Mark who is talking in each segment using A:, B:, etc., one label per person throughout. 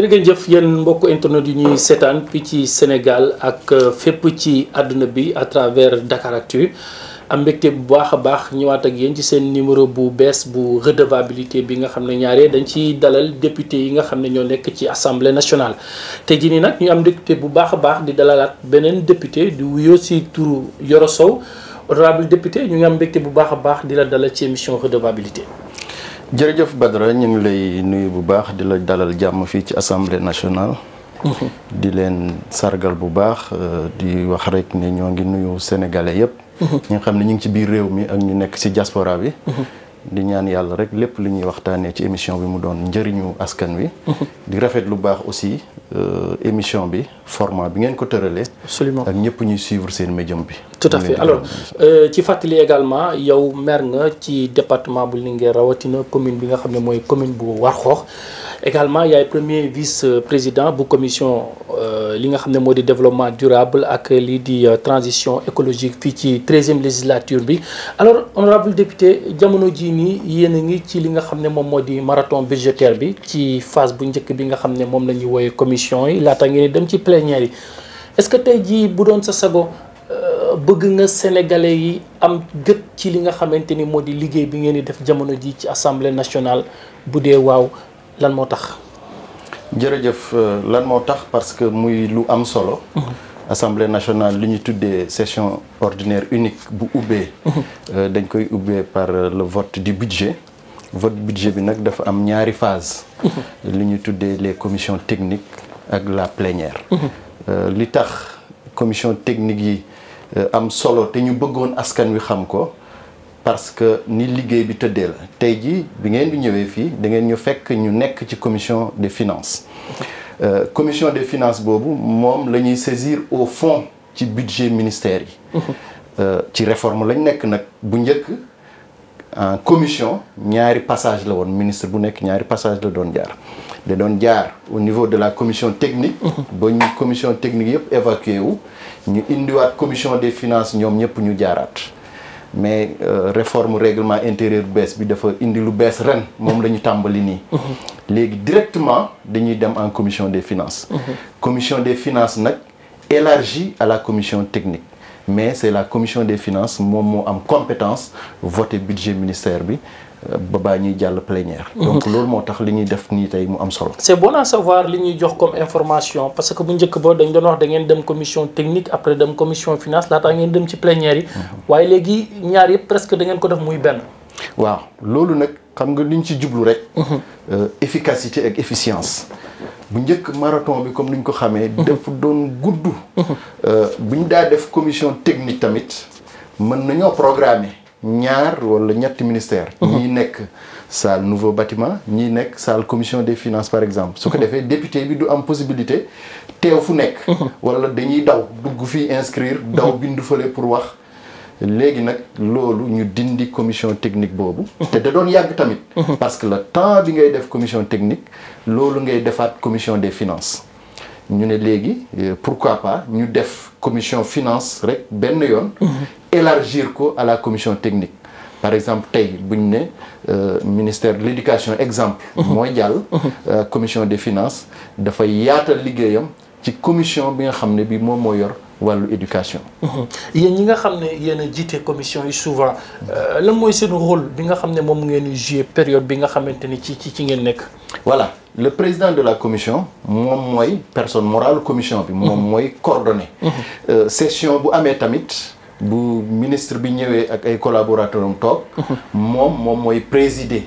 A: jërëngeen jëf yeen mbokk internet yi ñuy sétane fii ci Sénégal ak euh, fépp ci aduna bi à travers Dakaractu am mbégte bu baaxa baax ñëwaat ak yeen ci seen numéro bu bes bu redevabilité bi nga xam ne ñaaree dañ ci dalal député yi nga xam ne ñoo nekk ci assemblée nationale. te ji nii nag ñu am mbégte bu baaxa baax di dalalaat beneen député di wuyoo si turu Yoro Sow honorable député ñu ngi am mbégte bu baaxa baax di la dalal ci émission redevabilité.
B: jërëjëf Badara ñu ngi lay nuyu bu baax di la dalal jàmm fii ci assemblée nationale. Mhm. di leen sargal bu baax euh, di wax rek ni ñoo ngi nuyu sénégalais yëpp. Mhm. ñi nga xam ne ñu ngi ci biir réew mi ak ñu nekk ci jaspora bi. Mhm. di ñaan yàlla rek lépp li ñuy waxtaanee ci émission bi mu doon njëriñu askan wi. di rafet lu baax aussi euh, émission bi format bi ngeen ko tëralee. absolument euh, ñepp ñuy suivre seen médium bi. tout à fait alors
A: euh, ci fàttali également yow maire nga ci département bu la rawatina commune bi nga xamné moy commune bu également le premier vice président bu commission euh, li nga développement durable ak li di transition écologique la ci e législature bi alors honorable député jamono y a ngi ci li nga xamné mom marathon budgétaire bi ci phase bu njëkk bi nga xamné mom lañuy la commission yi laata ngeen dem ci plénière yi est-ce que tey jii bu doon sa sago euh, bëgg nga sénégalais yi am gët ci li nga xamante ni moo di liggéey bi ngeen di def jamono ji ci assemblée nationale bu dee waaw lan moo tax.
B: jërëjëf euh, lan moo tax parce que muy lu am solo. Mhm. assemblée nationale li ñu tuddee session ordinaire unique bu ubbee. Mhm. Euh, dañ koy ubbee par le vote du budget. vote budget bi nag dafa am ñaari phase. Mhm. li ñu tuddee les commissions techniques ak la plénière. Euh, li tax commission technique yi euh, am solo te ñu bëggoon askan wi xam ko parce que ni liggéey bi tëddee la tey ji bi ngeen di ñëwee fii da ngeen ñu fekk ñu nekk ci commission des finances euh, commission des finances boobu moom la ñuy saisir au fond ci budget ministère yi euh, ci réforme lañ nekk nag bu njëkk en commission ñaari passage la woon ministre bu nekk ñaari passage la doon jaar de au niveau de la commission technique la mhm. commission technique est évacué wu ñu commission des finances ñom ñëpp ñu jaaraat mais euh, réforme règlement intérieur baisse bi dafa indi lu baisse ren mom la tambali ni nous mhm. directement en commission des finances mhm. commission des finances nak élargie à la commission technique mais c'est la commission des finances qui a am compétence voter budget ministère ba jall plénière. donc lool motax tax li ñuy def ni tay mu am solo. c'est
A: bon à savoir li ñuy jox comme information parce que bu ñëk bo dañ doon wax da ngeen dem commission technique après dem commission finance la ta ngeen dem ci plénière yi. waye légui ñaar yépp presque da ngeen ko def muy ben
B: waaw loolu nak xam nga li ci djublu rek. Euh, efficacité ak efficience. bu ñëk marathon bi comme niñ ko xamé def doon gudd. euh buñ da def commission technique tamit mën nañu programmer. ñaar wala ministères ministère mhm. sont nekk salle nouveau bâtiment ni nekk salle commission des finances par exemple ce que mhm. defee député bi du am possibilité teew fu nekk mhm. wala dañuy daw dugg fi inscrire daw bindu feulé pour wax légui nak lolu ñu dindi commission technique bobu te da doon yag tamit parce que le temps bi ngay def commission technique lolu ngay la commission des finances nous ne euh, pourquoi pas ñu def commission finance rek benn mhm. élargir ko à la commission technique par exemple tay buñ euh, ministère de l'éducation exemple moy mhm. mhm. euh, commission des finances fay yaatal liggéeyam ci commission bi nga xamné wàllu éducation.
A: Mhm. yéen ñi nga xam ne yéen a jiite commission yi souvent euh, lan c'est le rôle bi nga xam ne ngeen jouer période bi nga xamante ni ci ci ci ngeen nekk.
B: voilà le président de la commission moi moi, personne morale commission bi. moi mhm. moi coordonné. Mhm. Euh, session bu amee tamit. bu ministre bi ñëwee ak ay collaborateurs am toog. moom moom présider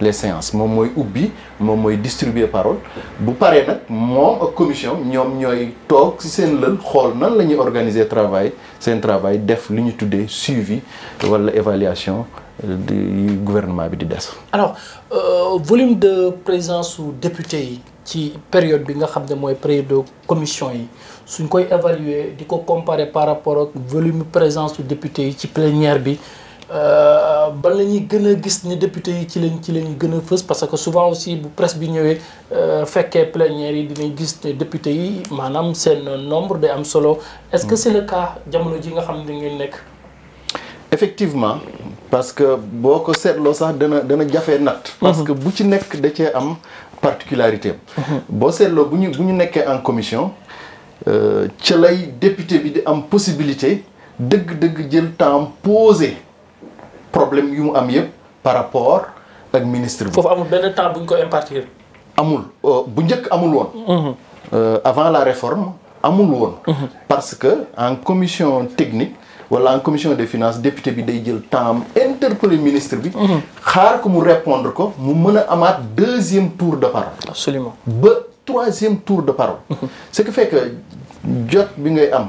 B: les séances moi, mooy ubbi moi, moi, distribuer parole bu parlez nag Moi, commission nous ñooy toog ci un lël xool nan la organiser travail un travail def suivi de évaluation euh, du gouvernement
A: alors euh, volume de présence ou députés qui période bi nga est période de commission yi suñ koy évaluer comparer par rapport au volume de présence ou député qui ci plénière euh, ban la ñuy gën a gis ni député yi ci lañ ci lañ gën a fës parce que souvent aussi bu presse bi ñëwee euh, fekkee plénière yi dinañ gis ne député yi maanaam seen nombre day am solo. est-ce que c'est le cas jamono ji nga xam ne ngeen nekk.
B: effectivement parce que boo ko seetloo sax dana dana jafee natt. parce que bu ci nekk da cee am particularité boo seetloo bu ñu bu ñu nekkee en commission euh, ca lay député bi di am possibilité dëgg-dëgg jël temps posé problème yu par rapport au ministre bi. foofu amul benn temps buñ ko impartir. amul euh, bu njëkk amul woon. Mhm. Euh, avant la réforme amul woon. Mhm. parce que en commission technique. wala en commission des finances député bi day jël temps interpeller ministre bi. Mhm. xaar ko mu répondre ko mu mën a deuxième tour de parole. absolument ba troisième tour de parole. ce qui fait que jot bi ngay am.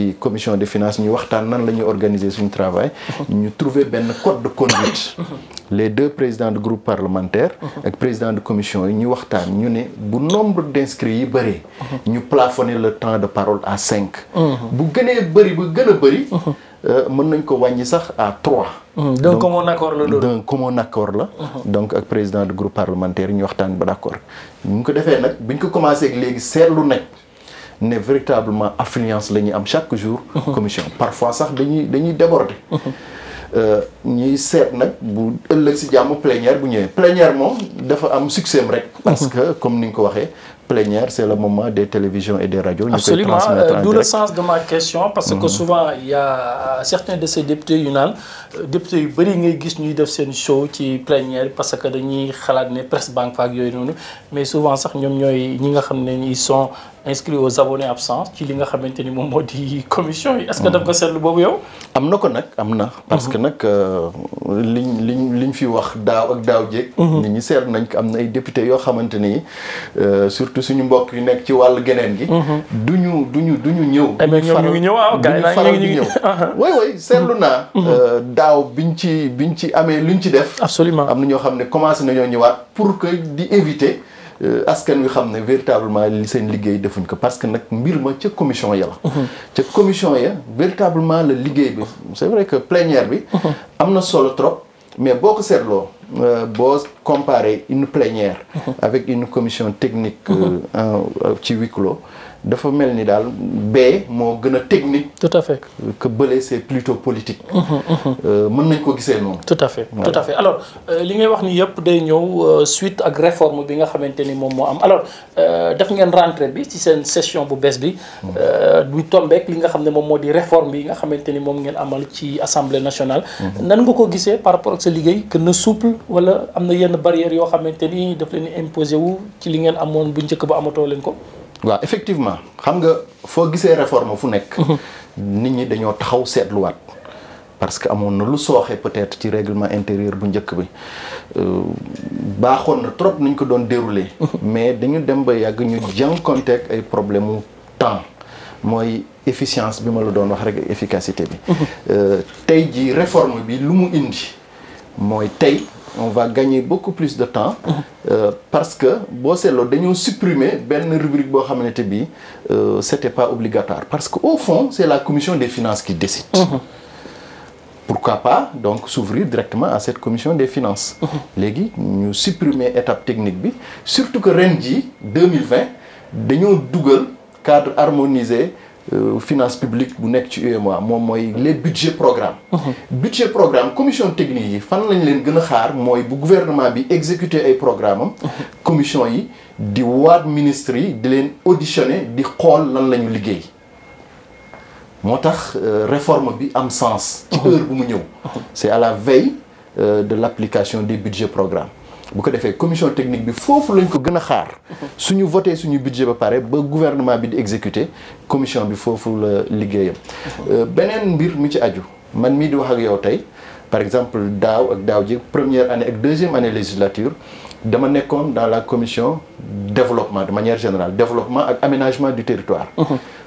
B: la commission des finances Nous avons nan la travail. organiser suñu travail. un trouver code de conduite. les deux présidents de groupe parlementaire. le président de commission nous avons dit que ne nombre d'inscrits, nous yi plafonner le temps de parole à cinq. bu gënee y bu gën a bëri. Euh, mën nañ ko sax à trois. Hum, donc on accord le donc on accord là. donc le président du groupe parlementaire nous avons ba d' accord. nous avons commencé, commencé ne véritablement affluence la am chaque jour. commission parfois sax dañuy dañuy déborder. ñuy sét nak bu ëllëg si jamm plénière bu plénière dafa am succès rek. parce que comme ni nga ko plénière c'est le moment des télévisions et des radios. transmettre absolument euh, d'où le sens
A: de ma question. parce que mhm. souvent il y a euh, certains de ces députés yu euh, députés yu bari ngay gis ñuy def seen show ci plénière parce que dañuy xalaat né presse banque faak yoy non mais souvent sax ñom ñoy ñi nga sont inscrit aux abonnés absents qui li nga xamante ni commission est-ce que da avez ko yow.
B: parce que ce mhm. euh, que liñ fi wax que ak daaw jéeg. Mhm. nit ñi euh, surtout suñu mbokk yu ci gi. Mhm. du du Nous du ñëw. Uh-huh. oui euh, biñ ci absolument Nous avons commencé pour éviter. Euh, askan wi xamné véritablement li seen liguey defuñ ko parce que nak mbir ma ci commission ya la mhm. ci commission ya véritablement le liguey bi c'est vrai que plénière bi mhm. amna solo trop mais boko setlo euh, comparer une plénière avec une commission technique euh, euh, ci huis clos dafa mel ni technique. tout à fait que bële c'est plutôt politique.
A: C'est
B: euh, nañ ko nous
A: tout à fait tout à fait alors li ngay wax ni yëpp day ñëw suite ak réforme bi nga am alors bi session bu Besbi. bi. bu hmm. tombeek li nga réforme bi nga amal nationale. Hmm. nan nga ko avons par rapport à ce que ne souple. bëriwul wala am na yenn barrières yoo xamante ni daf leen imposé wu ci li ngeen amoon bu njëkk ba amatoo leen ko. waaw effectivement xam nga
B: foo gisee réforme fu nekk. Mhm. nit ñi dañoo taxaw seetluwaat. parce que amoon na lu sooxee peut-être ci règlement intérieur bu njëkk bi euh, baaxoon na trop nañ ko doon dérouler. Mhm. mais dañu dem ba yàgg ñu jànkonteeg ay problème mu temps mooy efficience bi ma la doon wax rek efficacité bi. Mhm. Euh, tey ji réforme bi lu mu indi mooy tey on va gagner beaucoup plus de temps mhm. euh, parce que si on supprime supprimer rubrique ce n'était euh, c'était pas obligatoire parce qu'au fond c'est la commission des finances qui décide mhm. pourquoi pas donc s'ouvrir directement à cette commission des finances nous mhm. nous supprimer étape technique bi surtout que rendi 2020 nous un cadre harmonisé euh, finance publiques bu nek ci UEMOA moy les budgets programme uh-huh. budget programme commission technique yi fan lañ leen gouvernement bi exécuter ay programme uh-huh. commission yi di waat ministre di leen auditionner di xol la euh, réforme bi am sens uh-huh. c'est à la veille euh, de l'application des budgets programme bu ko commission technique bi fofu lañ ko gëna xaar suñu voté suñu budget ba paré ba gouvernement bi di exécuter commission bi foofu la liggéeyam euh, benen mbir mi ci aju man mi di wax ak yow tay par exemple daw ak daw ji première année ak deuxième année législature dama nekkoon dans la commission développement de manière générale développement ak aménagement du territoire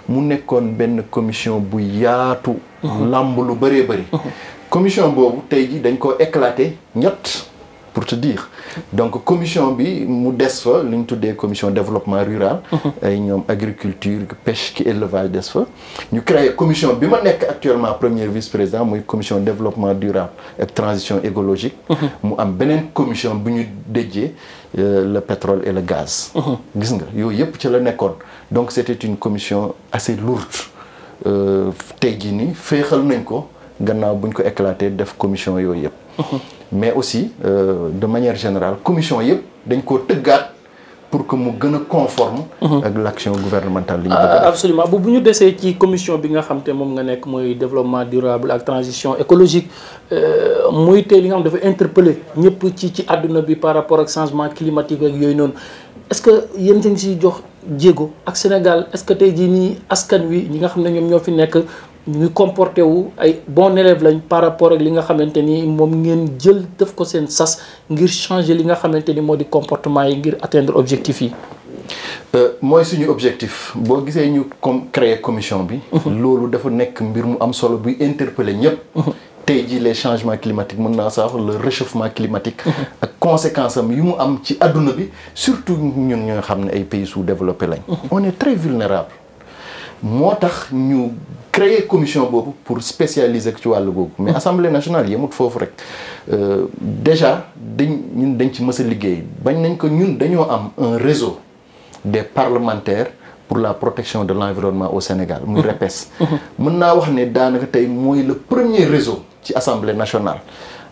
B: mu nekkoon benn commission bu yaatu lamb lu bëree bëri commission boobu tey ji dañ ko éclaté ñett pour te dire donc commission bi mu des fa de ñu commissions commission développement rural mhm. agriculture pêche et élevage des fa ñu créé commission bi ma actuellement premier vice président muy commission développement durable et transition écologique mhm. mu am une commission bu ñu déjee euh, le pétrole et le gaz mhm. gis nga ci la donc c'était une commission assez lourde Euh, jii nii féexal nañ ko gannaaw buñ ko éclaté def commission mais aussi euh, de manière générale commission yep dañ ko tëggaat pour que mu gën conforme mhm. avec l'action gouvernementale li ñu ah, bëgg
A: absolument bu bu ci commission bi nga xam mom nga nekk moy développement durable ak transition écologique euh, moy té li nga xam dafa interpeller ñëpp ci ci aduna bi par rapport ak changement climatique ak yoy non est-ce que yeen seen si jox Diego ak Sénégal est-ce que tay jii ni askan wi ñi nga xamné ñom ñofi ñoo nekk ñu comporté wu ay bon élève lañ par rapport ak li nga xamante ni moom ngeen jël def ko seen sas ngir changer li nga xamante ni moo di comportement yi ngir atteindre objectif yi.
B: Euh, mooy suñu objectif boo gisee ñu comme créer commission bi. Mhm. loolu dafa nekk mbir mu am solo buy interpeller ñëpp. Mhm. tey ji les changements climatiques mën naa sax le réchauffement climatique. Mhm. ak conséquences am yu mu am ci adduna bi surtout ñun ñoo xam ne ay pays sous-développés lañ. on est très vulnérable motax ñu créer commission bobu pour spécialiser ci wàllu googu mais hmm. assemblée nationale yamut fofu rek euh, déjà dañ ñun dañ ci mësa a liggéey bañ nañ ko ñun dañoo am un réseau des parlementaires pour la protection de l'environnement au Sénégal muy hmm. REPES hmm. mën naa wax ne daanaka tey mooy le premier réseau ci assemblée nationale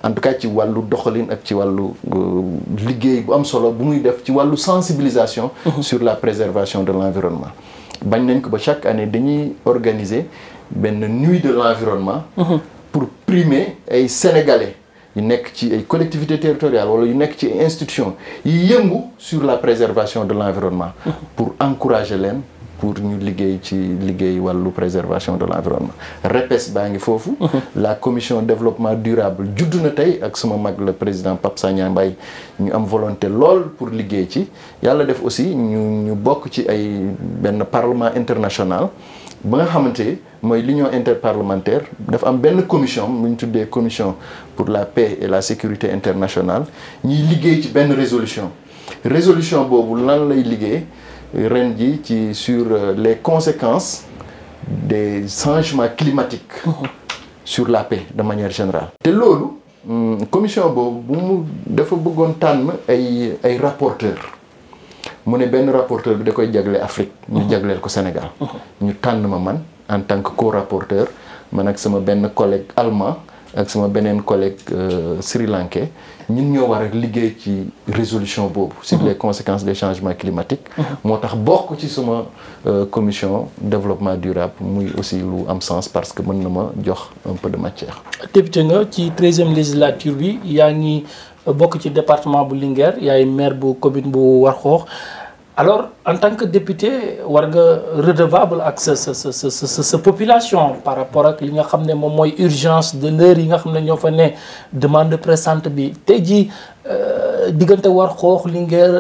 B: en tout cas ci walu doxalin ak ci walu euh, liggéey bu am solo bu muy def ci walu sensibilisation sur la préservation de l'environnement chaque année dañuy organiser une nuit de l'environnement mhm. pour primer les sénégalais yu nekk ci ay collectivités territoriales wala yu nekk ci sur la préservation de l'environnement mhm. pour encourager leen pour ñu liggéey ci liggéey la préservation de l'environnement C'est baa la commission développement durable judd na ak le président Pape Sagna Mbaye ñu am volonté pour liggéey ci yàlla def aussi Nous ñu bokk ci parlement international ba nga l'union interparlementaire une am une commission une commission pour la paix et la sécurité internationale Nous liggéey ci une résolution résolution nous lan lay sur euh, les conséquences des changements climatiques oh, oh. sur la paix de manière générale La la hum, commission a rapporteur. Je dafa bëggoon ay rapporteur de da koy Afrique oh, Sénégal Nous ma en tant que co-rapporteur man ak collègue allemand avec sama benen collègue euh, sri lankais nous ñoo war a liggéey ci résolution sur mhm. les conséquences des changements climatiques mhm. moo tax bokk ci suma euh, commission développement durable muy aussi lu sens parce que mën na jox un peu de matière
A: député nga ci 13e législature bi yaa ngi euh, bokk ci département bu a yaay maire bu commune bu Warxoox alors en tant que député war nga redevable ak sa sa sa population par rapport ak li nga xam ne moom mooy urgence de l'heure yi nga xam ne ñoo fa ne demande pressante bi tey jii euh, diggante war xoox li ngeen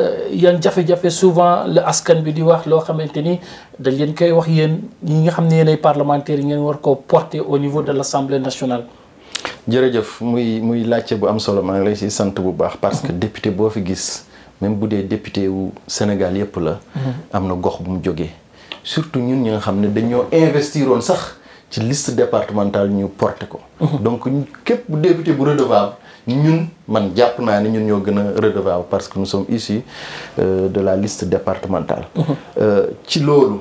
A: yan jafe-jafe souvent la askan bi di wax loo xamante ni dañ leen koy wax yéen ñi nga xam ne yéen ay parlementaires yi ngeen war ko porter au niveau de l'Assemblée nationale.
B: jërëjëf muy muy laajte bu am solo maa ngi lay si sant bu baax parce que député boo fi gis. même bu dee député wu Sénégal yëpp la. Mhm. am na gox bu mu jógee. surtout ñun ñi nga xam ne dañoo investir woon sax ci liste départementale ñu porté ko. Mhm. donc képp député bu redevable ñun man jàpp naa ne ñun ñoo gën a redevable parce que nous sommes issus euh, de la liste départementale. Mhm. Euh, ci loolu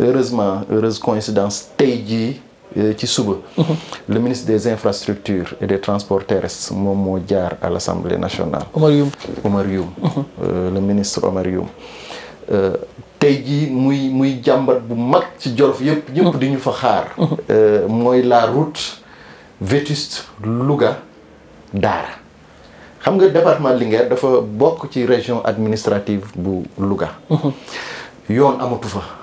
B: heureusement heureuse coïncidence tey jii. Euh, ci suba. Mhm. le ministre des infrastructures et des transports terrestres moom moo à l'Assemblée nationale. Omar Youm Omar mhm. euh, le ministre Omar Youm. Euh, tey muy muy jàmbat bu mag ci jorof yépp mhm. ñëpp diñu fa xaar. moy la route vétuste Louga d'ara. xam nga département Linguère dafa bok ci région administrative bu Louga. yoon amatu fa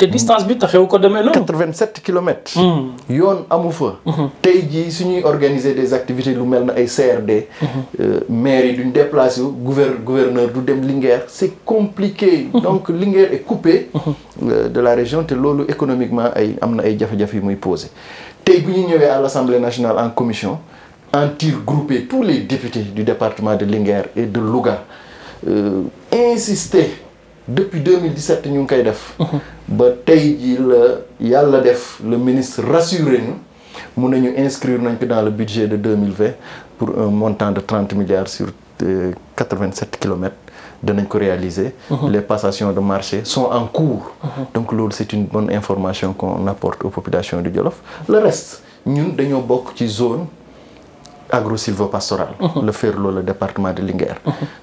B: la distance bi 87 kilomètres. Hmm. yoon amu fa. a hmm. jii organiser des activités lu melna ay CRD. Hmm. Euh, maire déplacé gouverneur du dem Linguère compliqué. donc Linguère est coupé. Euh, de la région té loolu économiquement ay amna ay jafe muy posé tay bu à l'Assemblée nationale en commission en tir groupé tous les députés du département de Linger et de Louga euh, insister depuis 2017 nous avons, def. Mhm. ba le ministre rassuré ñu inscrire dans le budget de 2020 pour un montant de 30 milliards sur 87 euh, km danañ ko réaliser. Mhm. les passations de marché sont en cours. Mhm. donc c'est une bonne information qu'on apporte aux populations du Djolof le reste nous dañoo bokk ci zone. agro Le faire, le département de Linguère.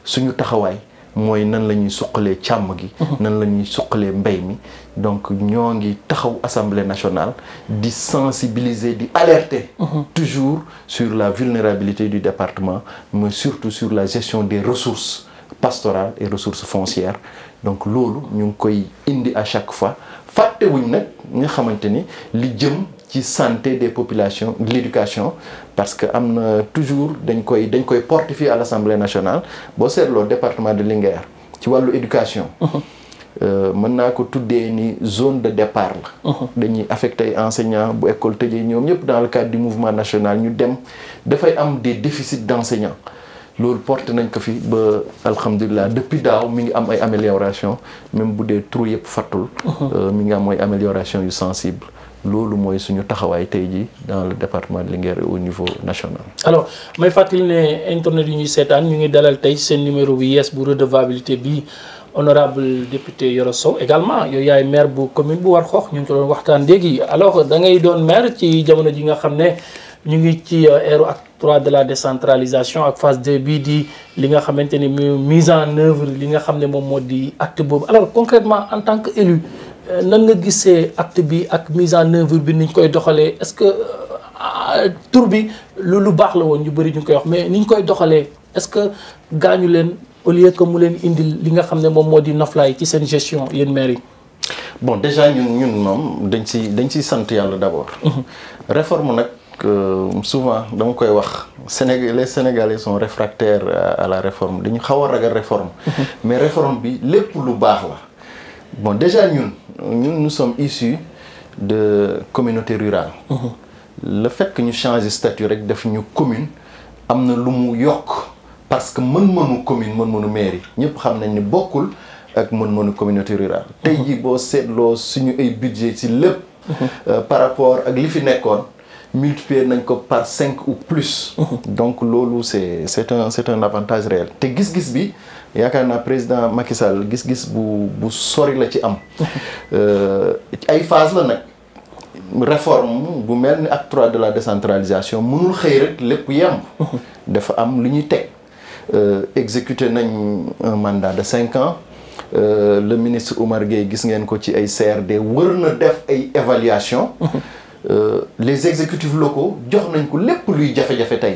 B: suñu taxawaay moy nan lañuy ñuy cham càmm gi mhm. nan lañuy ñuy mbey mi donc ñoo ngi taxaw assemblée nationale di sensibiliser di alerter mhm. toujours sur la vulnérabilité du département mais surtout sur la gestion des ressources pastorales et ressources foncières donc nous ñu ngi koy indi à chaque fois wuñ nak nga xamante li jëm ci santé des populations de l'éducation parce que am toujours dañ koy à l'Assemblée nationale c'est le département de Linguère ci vois l'éducation uh-huh. euh, maintenant que ko zone de départ la uh-huh. affecte affecté enseignants les écoles, tëjee dans le cadre du mouvement national nous dem des déficits d'enseignants loolu porte nañ ko depuis daaw mi ngi amélioration même si nous trou des fattul uh-huh. euh, mi avons des amélioration sensible loolu moy suñu taxaway tayji dans le département de Linguère au niveau national.
A: alors may fatil né internet yu ñuy seetaan ñu ngi dalal tay seen numéro bu yees bu redevabilité bi honorable député Yoro Sow également yo yaay maire bu commune bu Warxoox ñu ngi doon waxtaan léegi alors da ngay doon maire ci jamono ji nga xamné ñu ngi ci euh, ère acte 3 de la décentralisation ak phase 2 bi di li nga xamante ni mise en œuvre li nga xamné mom modi acte boobu alors concrètement en tant que élu euh, nan nga gisee acte bi ak mise en œuvre bi niñ koy doxalee est-ce que euh, tour bi lu lu baax la woon ñu bëri ñu koy wax mais niñ koy doxalee est-ce que gaañu leen au lieu que mu leen indil li nga xam ne moom moo di noflaay ci seen gestion yéen maire yi.
B: bon déjà ñun ñun moom dañ ci dañ ciy sant yàlla d'abord. Mhm. réforme nag euh, souvent dama koy wax Sénégal les Sénégalais sont réfractaires à la réforme dañu xaw a ragal réforme. Mhm. mais réforme bi lépp lu baax la. Bon, déjà, nous, nous, sommes issus de communautés rurales. Mhm. Le fait que nous changeons de statut, que nous commune, amna lu mu parce que mon mënu commune nous mairie Nous xam nañ ni sommes ak communauté rurale mhm. budget mhm. euh, par rapport à li par 5 ou plus donc c'est c'est un c'est un avantage réel te gis-gis bi yaakaar président Macky Sall gis-gis bu bu sori la ci am euh ay phase la nak réforme bu melni ak trois de la décentralisation mënul xey rek lepp yam dafa am lu ñuy euh exécuter nañ un mandat de 5 ans Euh, le ministre Oumar Gay gis ngeen ko ci ay CRD wër na def ay évaluation euh, les exécutifs locaux jox nañ ko lepp luy jafé jafé tay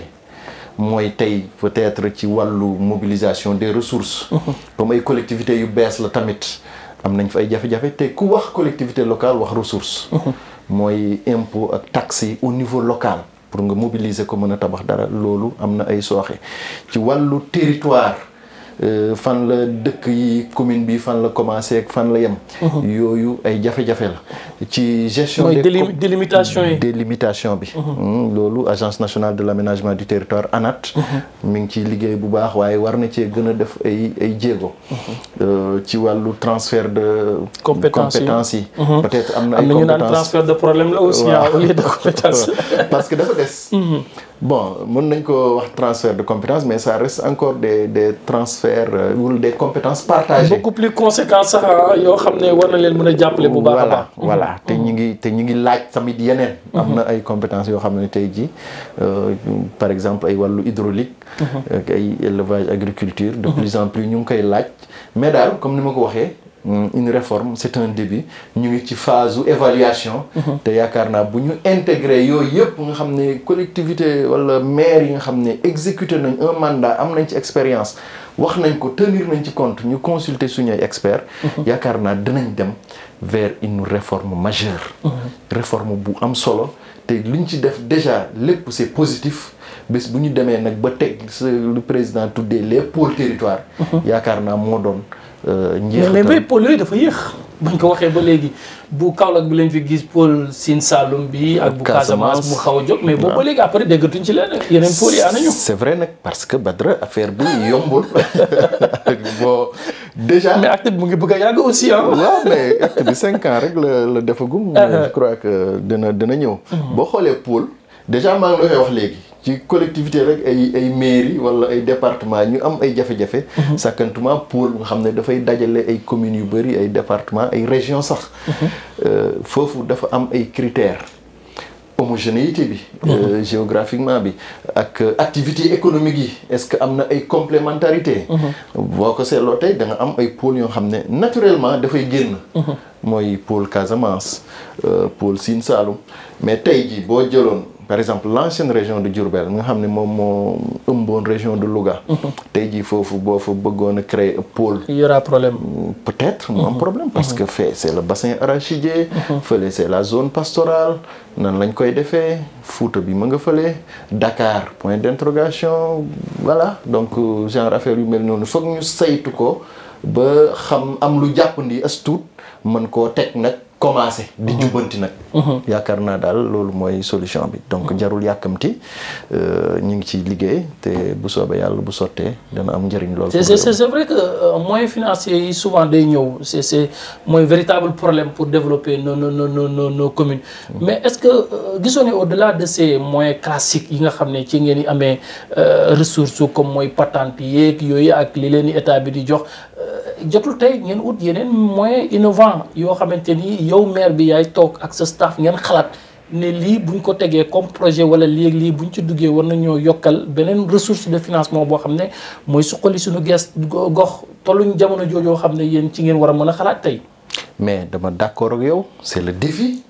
B: mooy tey peut-être ci wàllu mobilisation des ressources comme ay collectivités yu bees la tamit am nañ fa ay jafe-jafe te ku wax collectivité locale wax ressource mooy impôt ak taxi au niveau local pour nga mobiliser ko mën a tabax dara loolu am na ay sooxe ci wàllu territoire Euh, fan la dëkk yi commune bi fan la commencé ak fan la mhm. ay la ci gestion. des délimitation bi. Mhm. Hmm, agence nationale de l'aménagement du territoire ANAT. Mhm. mi ngi bu baax waye war na def ay euh, ci transfert de. compétences peut-être am na transfert
A: de problème aussi. Hein,
B: parce que dafa bon mën nañ ko wax transfert de compétences mais ça reste encore des des transferts ou euh, des compétences
A: partagées. beaucoup plus conséquent ça, ah, yo, xam ne war na leen mën a bu Voilà,
B: voilà mmh. te ñu ngi te ngi laaj mmh. compétences yo, xam ne tey euh, par exemple ay wàllu hydraulique. Mmh. ak ay élevage agriculture. de plus en plus ñu ngi koy laaj mais comme nous ma ko Mm, une réforme c'est un début nous sommes en phase d'évaluation évaluation avons nous avons intégré les collectivités, les maires, nous collectivité exécuté un mandat nous avons ci expérience wax nañ ko tenir compte nous consulter consulté les experts mhm. Nous avons vers une réforme majeure mhm. réforme bu am solo déjà lépp c'est positif nous avons nous le président pour les pôles territoires mhm. avons naa Euh, njeexital mais mais pôle
A: yooyu dafa yéex. bañ ko waxee ba léegi bu Kaolack bi leen fi gis pôle Sine Saloum bi ak bu Casamance mu xaw a jóg mais boobu ba ah. léegi après déggatuñ ci leen yeneen pôle yi anañu c'est
B: vrai nag parce que Badara affaire bi yombul
A: bon déjà mais acte bi mu ngi bëgg a yàgg aussi ah waaw mais
B: acte bi cinq rek la la defagum ah, ah. crois que dina dina ñëw hmm. boo xoolee pôle déjà maa ngi la koy wax léegi ci collectivité rek ay ay mairie wala ay département ñu am ay jafé jafé mhm. sakantuma pour nga xamné da fay dajalé ay communes yu bari ay département ay région sax mhm. euh, foofu dafa am ay critères homogénéité bi euh, mhm. géographiquement bi ak euh, activité économique yi est-ce que am ay complémentarité boo ko seetloo tey da nga am ay pôle yo xamné naturellement da fay génn mooy pôle Casamance euh, pôle Sine mais tayji bo boo par exemple l'ancienne région de Djourbel, nga xamné mom mo moo région de Louga. Mhm. tayji fofu bo boo fa bëggoon a créer pôle. il y aura problème. peut-être un mhm. problème parce mhm. que c'est le bassin arachidier. feulé c'est la zone pastorale. nan lañ koy défé Fouta bi ma nga feulé Dakar point d'interrogation voilà donc euh, genre affaire yu mel nonu fokk ñu saytu ko. ba xam am lu jàppandi as tuut mën koo teg nag commencé. di jubbanti nag. Mhm. yaakaar naa daal loolu mooy solution bi. donc mhm. jarul yàkkamti euh, ñu ngi ci liggéey te bu soobee yàlla bu sottee dana am njëriñ loolu. c'est c'est
A: vrai euh, souvent day ñëw c'est c'est mooy véritable problème pour développer nos nos nos nos nos mhm. mais est-ce que euh, gisoon ne au-delà de ces moyens classiques yi nga xam ne ci ngeen di amee ressources comme mooy patente yeeg yooyu ak li leen état bi di jox. Euh, jotul tey ngeen ut yeneen mooy innovant yoo xamante ni yow mair bi yaay toog ak sa staff ngeen xalaat ne lii buñ ko tegee comme projet wala léegi lii buñ ci duggee war nañoo yokkal beneen ressource de financement boo xam ne mooy suqali suñu gees gox tolluñ jamono joojoo xam ne yéen ci ngeen war a mën a xalaat tey.
B: mais dama d'accord ak yow c'est le défi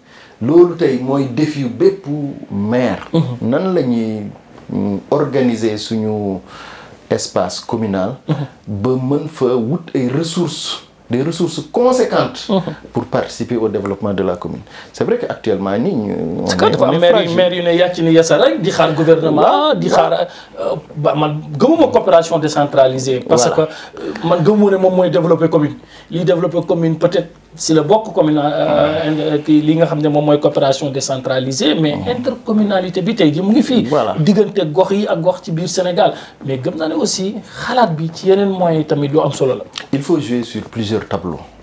B: loolu tey mooy défi bépp maire. Mm-hmm. nan la ñuy mm, suñu. espace communal. Mhm. ba mën fa wut ay ressources. des ressources conséquentes mhm. pour participer au développement de la commune c'est vrai que actuellement on est fragile maire
A: ne yàcc ni yasa di xaar gouvernement. di xaar euh, ba man coopération décentralisée. parce que man gëmuma ne moom développer commune. Les développer commune peut-être c'est le bokk commune euh, euh, kii li nga xam ne coopération décentralisée. mais mhm. intercommunalité bi tey jii mu ngi fii. diggante gox yi ak ci biir Sénégal mais gëm naa aussi xalaat bi ci des moyens de tamit lu
B: il faut jouer sur plusieurs tableau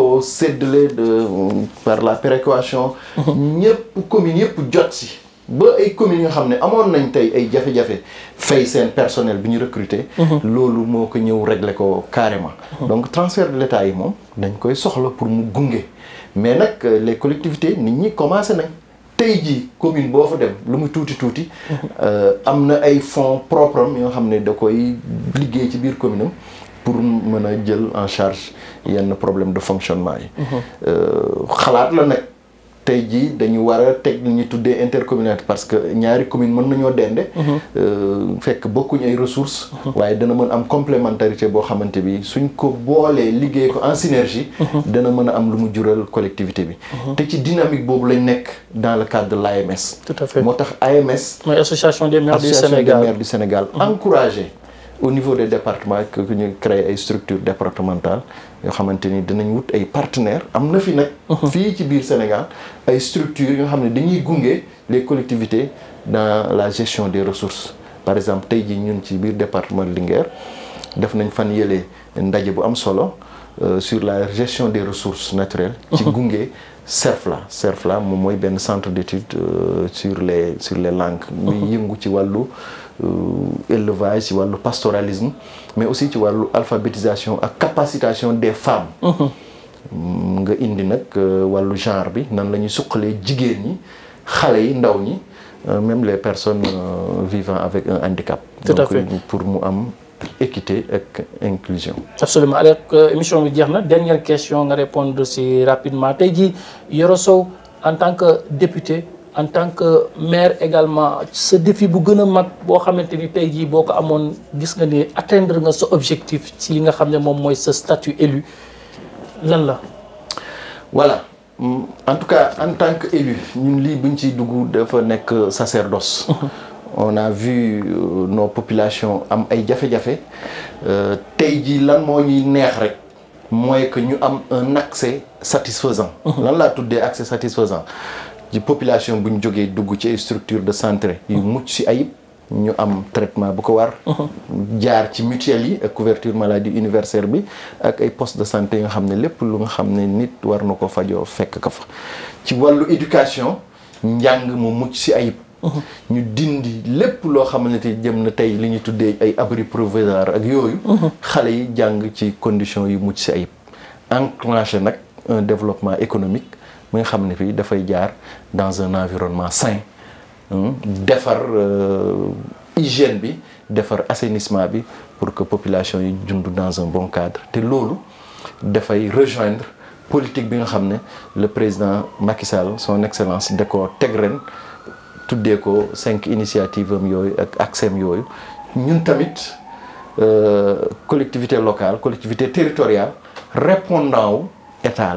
B: ko séddale de par la péréquation. ñëpp communes yëpp jot si. ba ay communes yoo xam ne amoon nañ tey ay jafe face fay seen personnel bi ñu recruter. loolu que ko ñëw régler ko carrément. donc transfert de l'État yi moom dañ koy soxla pour mu gunge mais nak euh, les collectivités nit ñi commencé nañ. tey jii commune boo fa dem lu mu tuuti tuuti euh, am ay fonds propres am yoo xam da koy liggéey ci biir commune pour mën a jël en charge un problème de fonctionnement yi. Mhm. Euh, xalaat la nag tey technique dañu war a teg li parce que ñaari commune mën nañoo dende. Mhm. Euh, fekk bokkuñ ay ressources. Mhm. waaye dana mën am complémentarité bo xamante bi suñ ko boolee liggéey ko en synergie. dana mën a am le collectivité bi. te ci dynamique boobu lañ nek dans le cadre de l'AMS. tout à fait moo AMS.
A: association des maires du
B: Sénégal association des au niveau des départements que nous créé ay structures départementales nous avons des dinañ wut partenaires am na fi nak uh-huh. fi ci biir Sénégal ay structure yo xam dañuy gunge les collectivités dans la gestion des ressources par exemple tey jii ñun ci biir département Linguère def nañ fan yele ndaje bu am solo euh, sur la gestion des ressources naturelles. Uh-huh. ci gunge CERFLA CERFLA mo moy ben centre d'études euh, sur les sur les langues. Uh-huh. muy yëngu ci walu euh, élevage ci le pastoralisme mais aussi ci l'alphabétisation et la capacitation des femmes mm, nga indi nak euh, walu genre bi nan lañu ñuy jigen jigéen ñi xale yi ndaw ñi euh, même les personnes vivant avec un handicap tout à fait pour mu am équité et inclusion
A: absolument alors émission bi jeex dernière question nga répondre si rapidement tay jii Yoro Sow en tant que député en tant que maire également ce défi bu atteindre objectif ci li nga statut élu
B: voilà en tout cas en tant qu'élu nous ñun buñ sacerdoce. on a vu euh, nos populations am ay euh, lan ñuy neex que ñu am un accès satisfaisant. lan la accès satisfaisant. ci population bu ñu jógee dugg ci ay structure de santé yu uh-huh. mucc si ayib ñu am traitement bu ko war uh-huh. jaar ci mutuelle yi ak couverture maladie universelle bi ak ay poste de santé yi nga xam ne lépp lu nga xam ne nit war na ko fajoo fekk ko fa ci wàllu éducation njàng mu mucc si ayib uh-huh. ñu dindi lépp loo xamante ni jëm na tey li ñu tuddee ay abri provisoire ak yooyu xale yi jàng ci condition yu mucc si ayib enclenché nag un développement économique mi xam ne fii dafay jaar dans un environnement sain hein, faire euh, hygiène bi faire assainissement pour que la population soit dans un bon cadre De loolu rejoindre politique bi le président Macky Sall son excellence d'accord, Tegren, tout les cinq initiatives accès nous ñun euh, collectivité locale collectivité territoriale répondant à état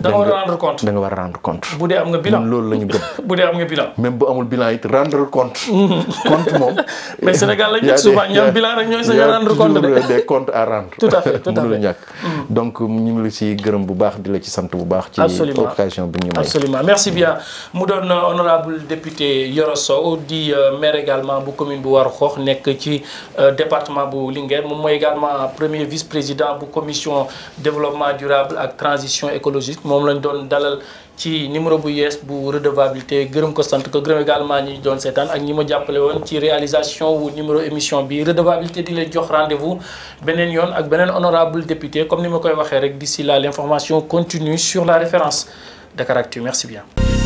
B: da nga war a rendre compte bu dee am
A: nga bilan loolu la ñu
B: gëm. bu dee am nga bilan. même bu amul bilan it rendre compte. moom. mais Sénégal la ñu souvent bilan rek ñooy sañ a rendre compte de. y' a des comptes à rendre. tout à fait tout à fait mënul ñàkk. Mm. donc euh, ñu ngi la ci gërëm bu baax di la ci sant bu baax. ci occasion bi ñu may. absolument
A: merci bien mu doon euh, honorable député Yoro Sow di euh, maire également bu commune bu War Xoox nekk ci département bu Linguère moom mooy également premier vice président bu commission développement durable ak transition écologique. mom lañ doon dalal ci numéro bu yes bu redevabilité gërëm ko sant ko gërëm également ñi doon sétane ak ñi ma jàppale woon ci réalisation wu numéro émission bi redevabilité di leen jox rendez-vous benen yoon ak benen honorable député comme ni ma koy waxé rek d'ici là l'information continue sur la référence Dakaractu merci bien